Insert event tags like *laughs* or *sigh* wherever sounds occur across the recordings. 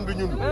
ànd ñun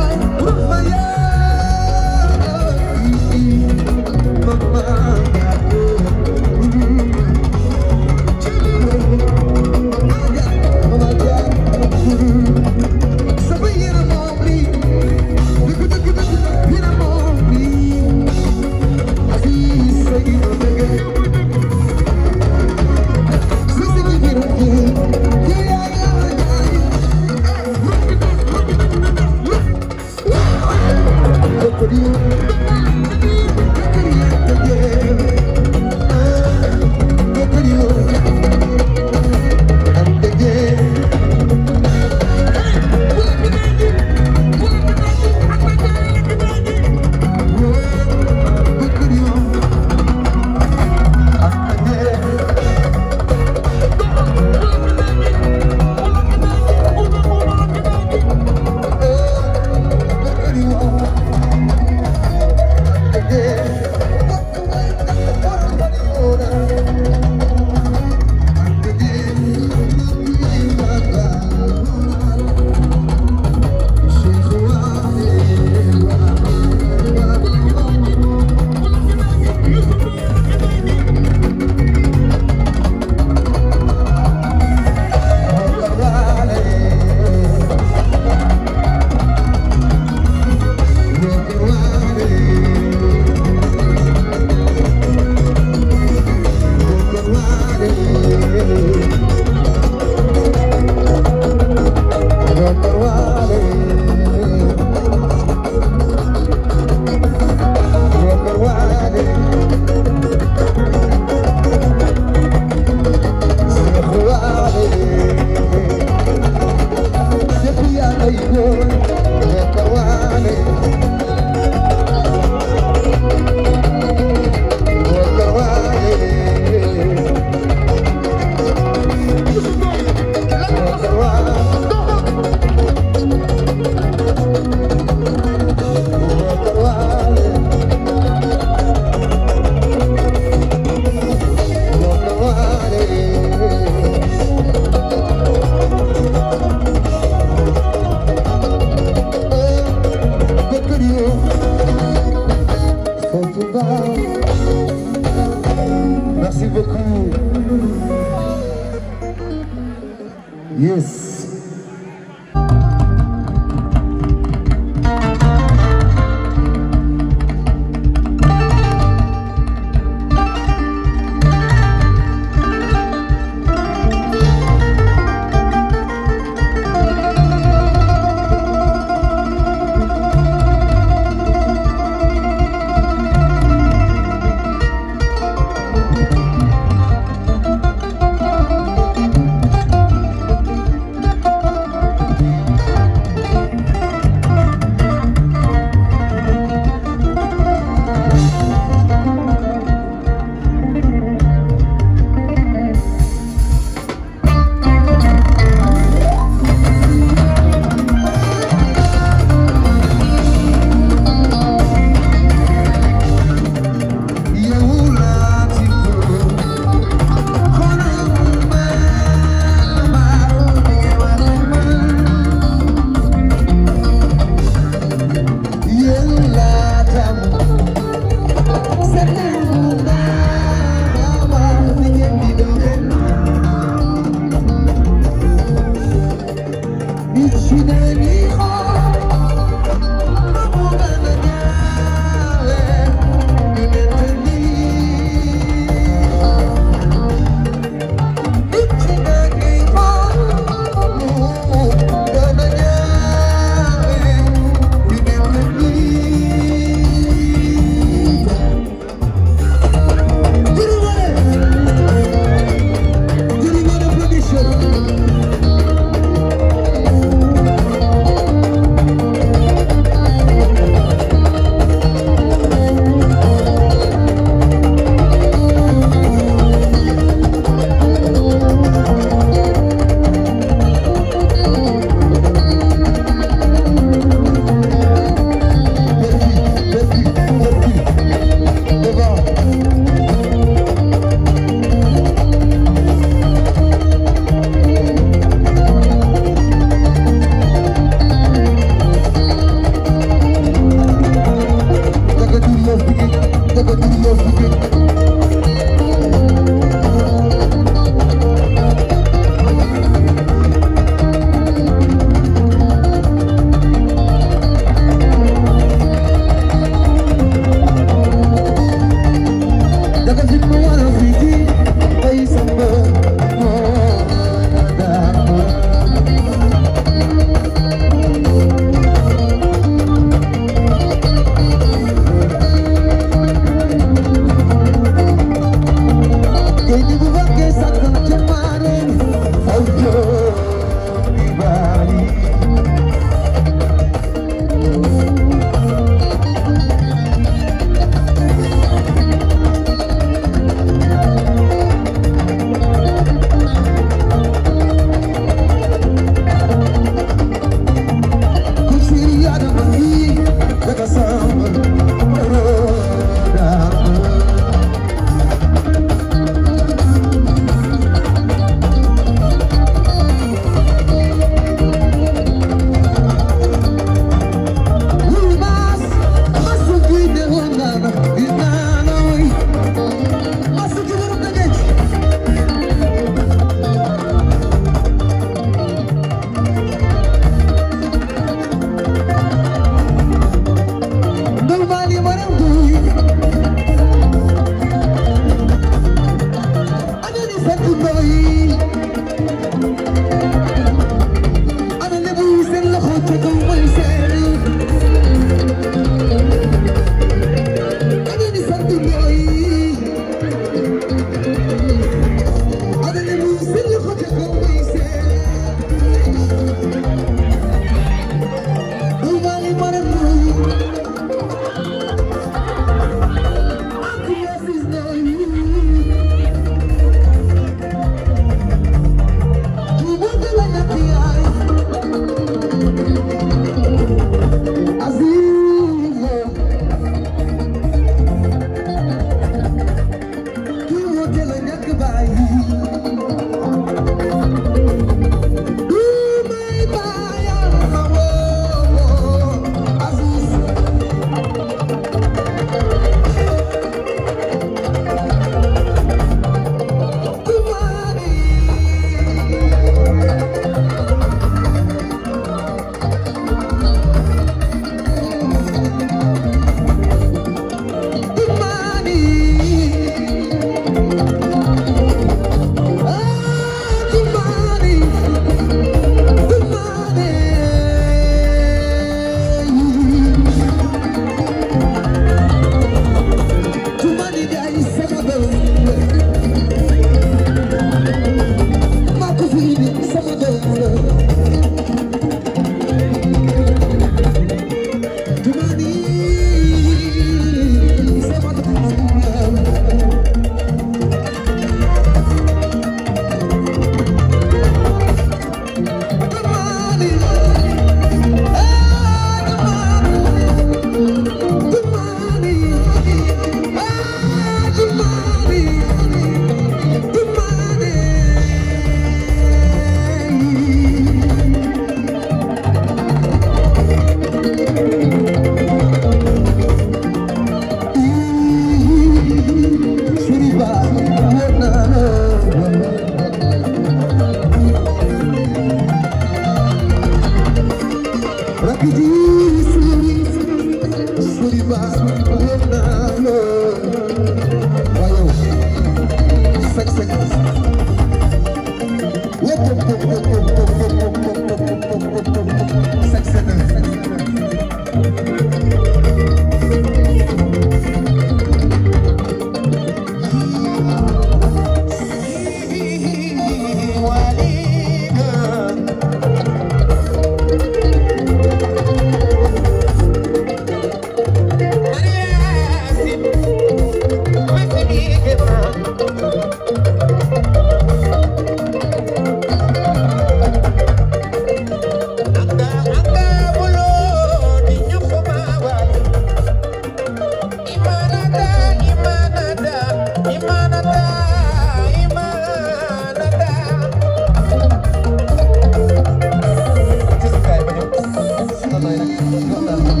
Thank you.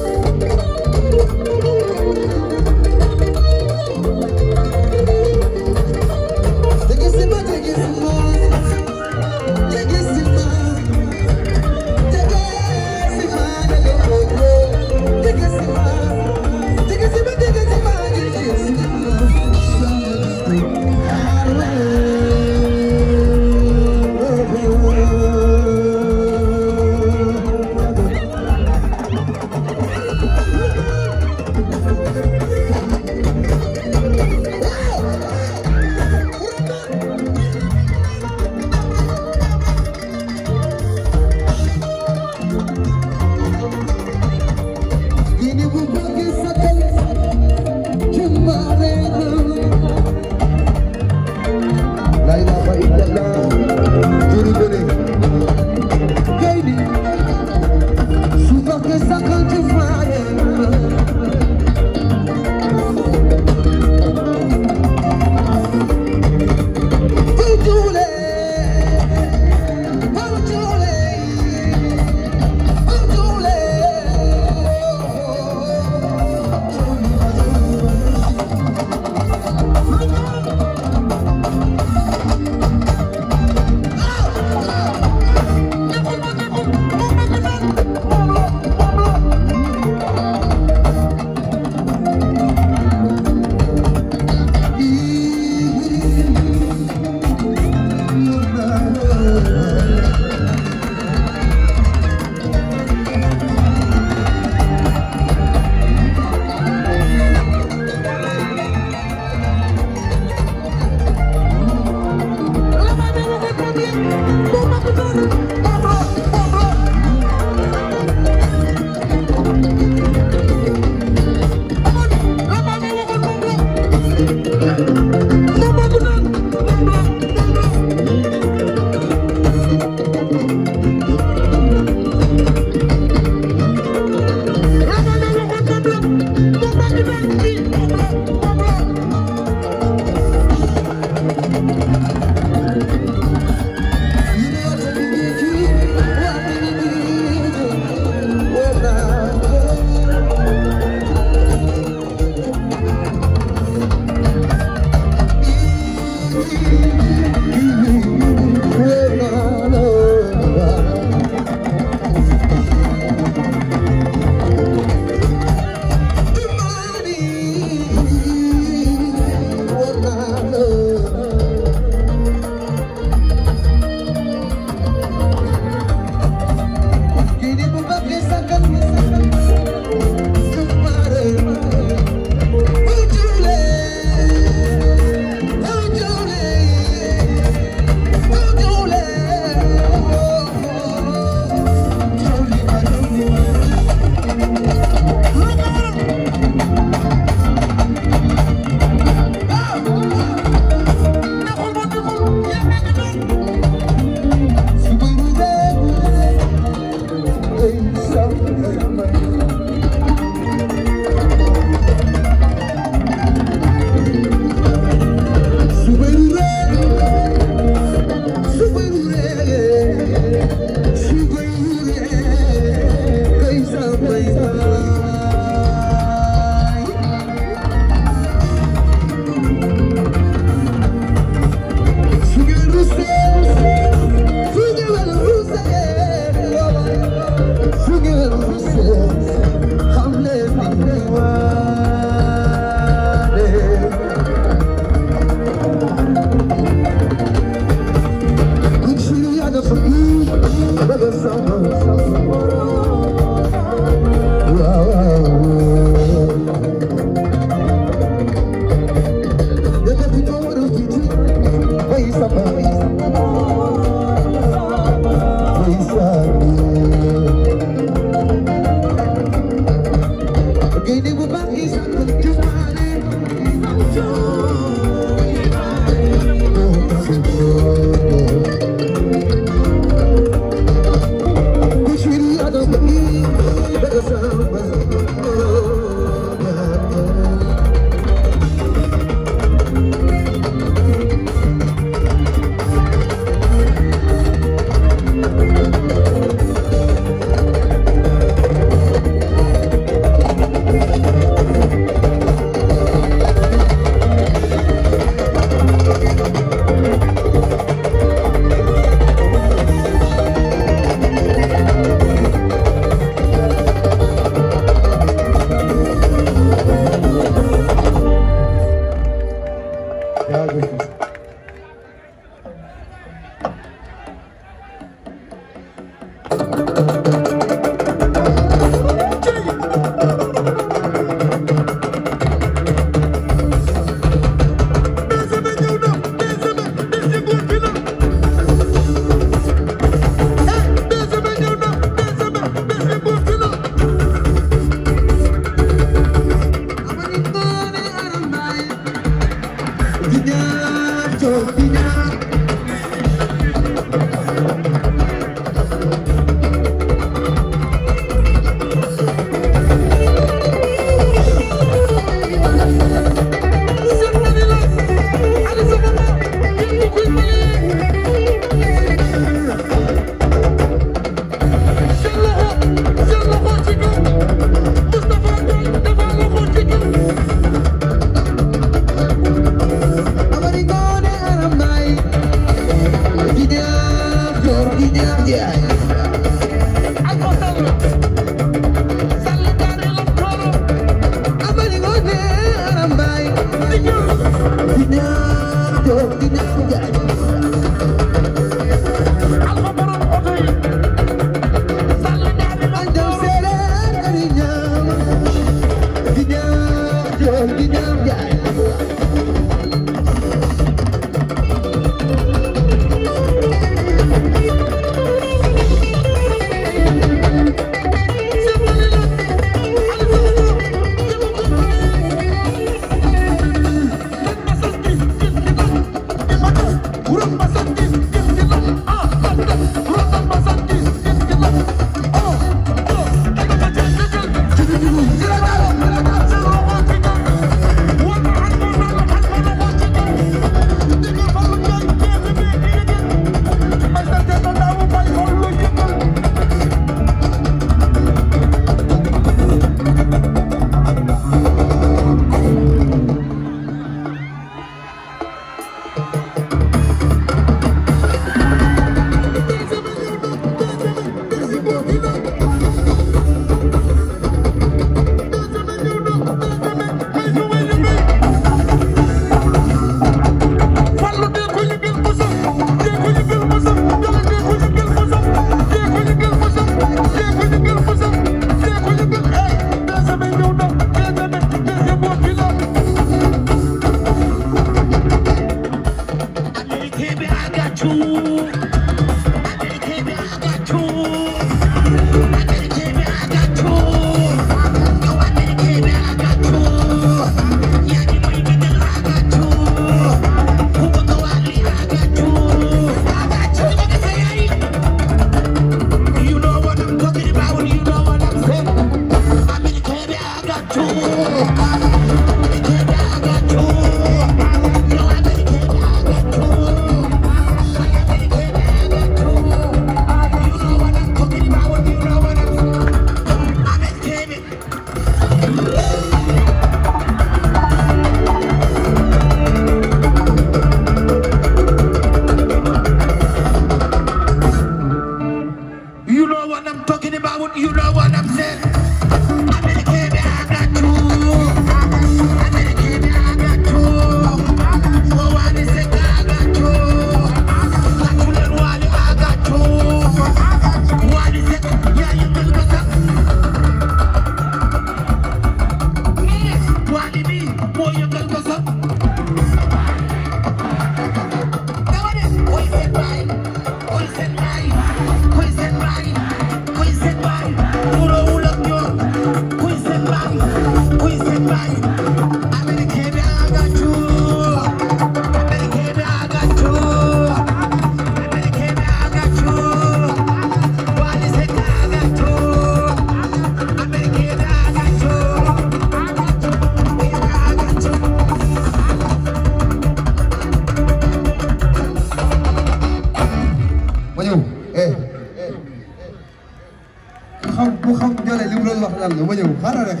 dama ñëw xaaral rek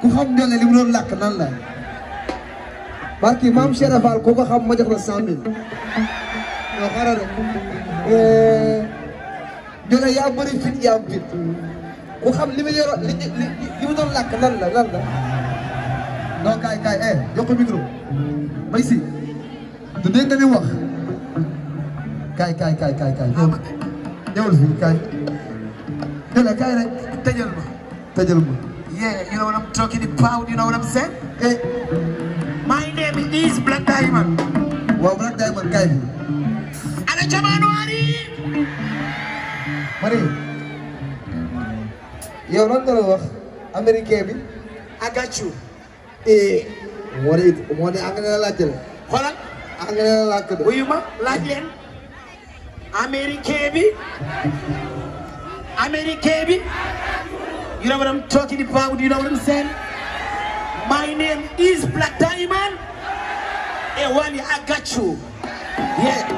ku xam ñoo ne li mu doon làkk nan la. barki maam Cheikh Fall ku ko xam ma jox la cent mille. Eh, yaa bëri fit yaa am ku xam li mu yoroon li li mu doon làkk nan la yokk eh, micro. may si. du dégg nga wax. kaay kaay kaay kaay kaay ñëwul fii dajal ma. yeah you know what I'm talking about you know what I'm saying. eh. my name is Black Diamond. waaw Black Diamond kay. ana jamono ari. mari. yow lan nga wax américain bi. agacu. eh. moo de moo de anglais la laajte la. xoolal. anglais la laajte la. wuyu ma laaj leen. américain bi. *laughs* américain bi. You know what I'm talking about? You know what I'm saying? My name is Black Diamond. Hey, Wally, I got you. Yeah.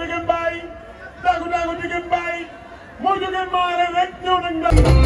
dege mbaay daagu daagu dege mbaay moo jógee maare rek ñëw nag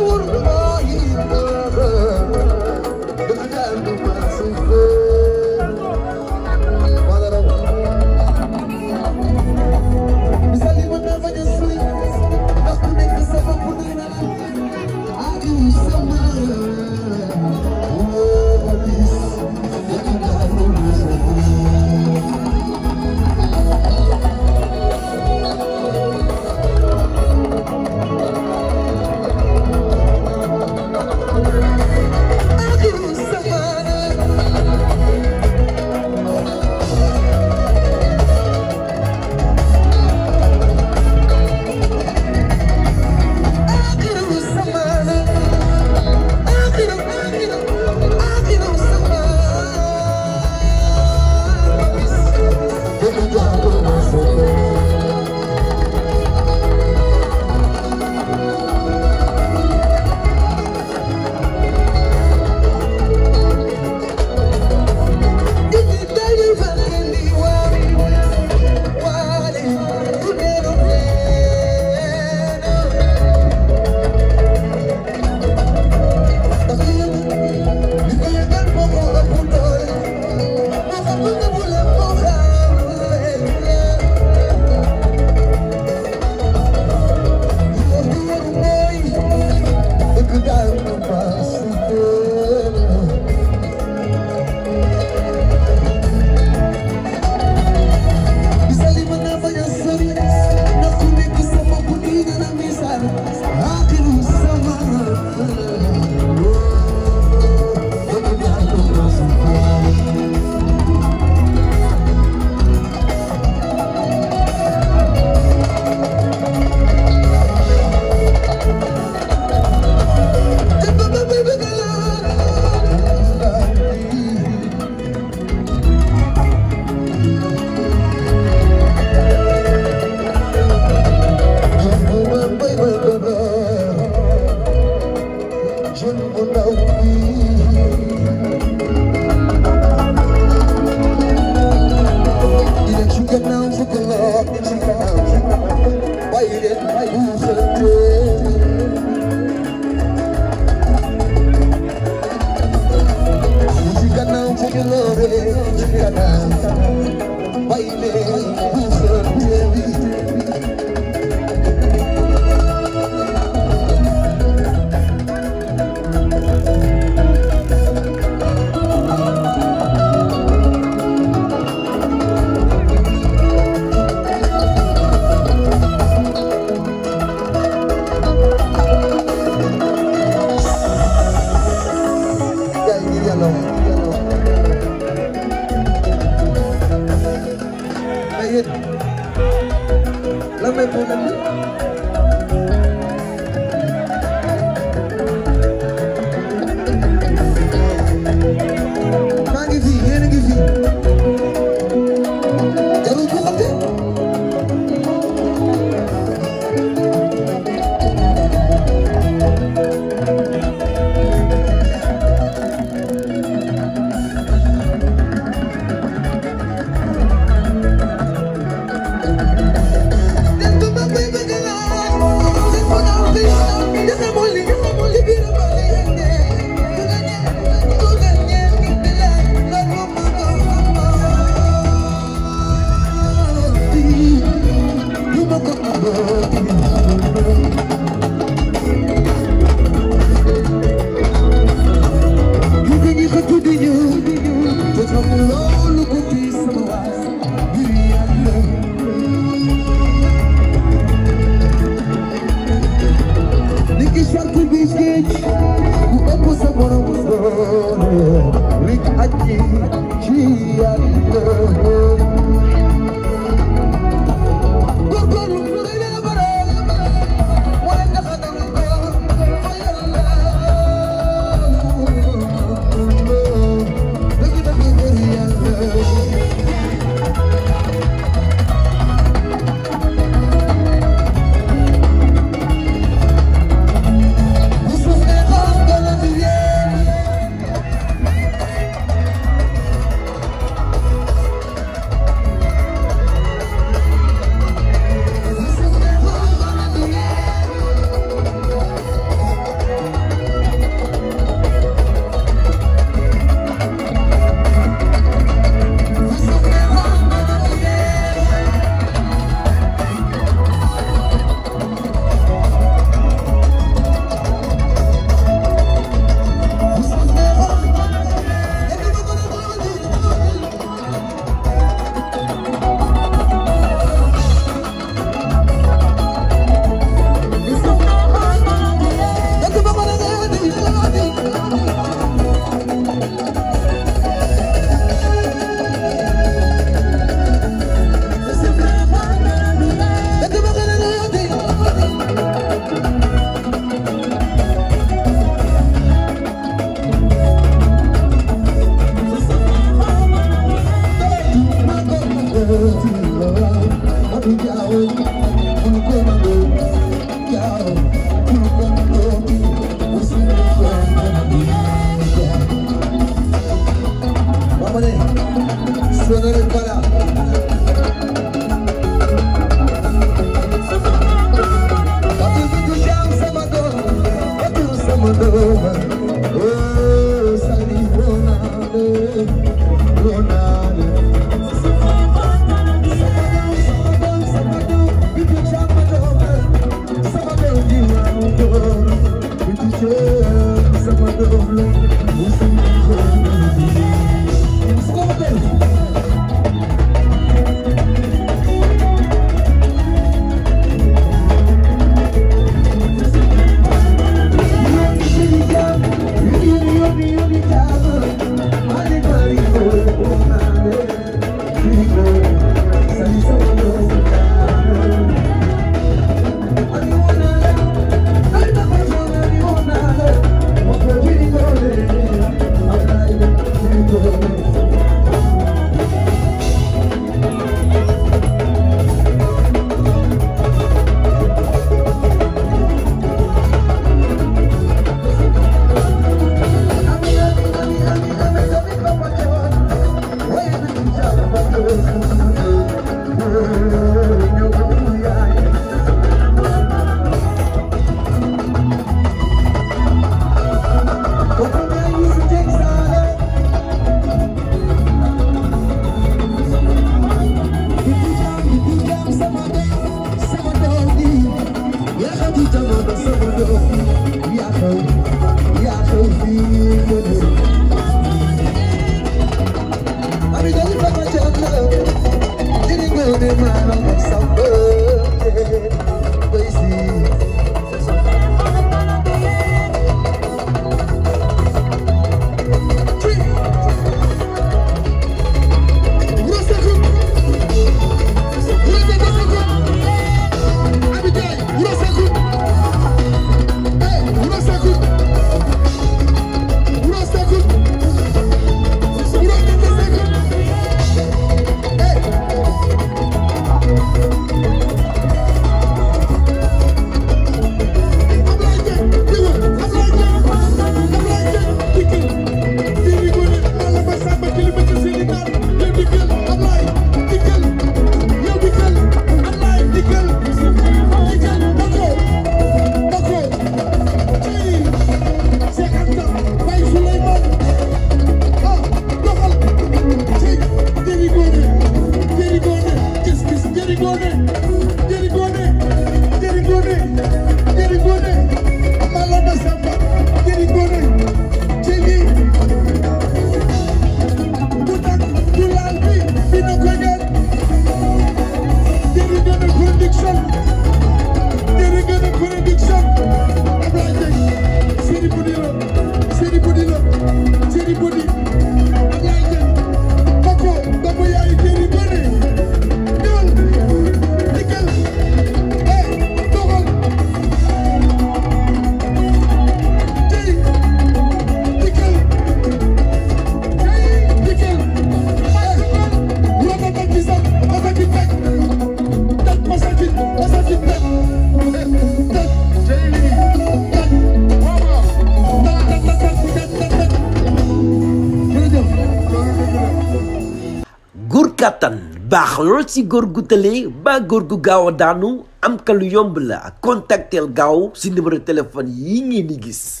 si góor gu tëlee ba góor gu gaaw a daanu am ka lu yomb la contactel gaaw si numéro téléphone yi ngeen di gis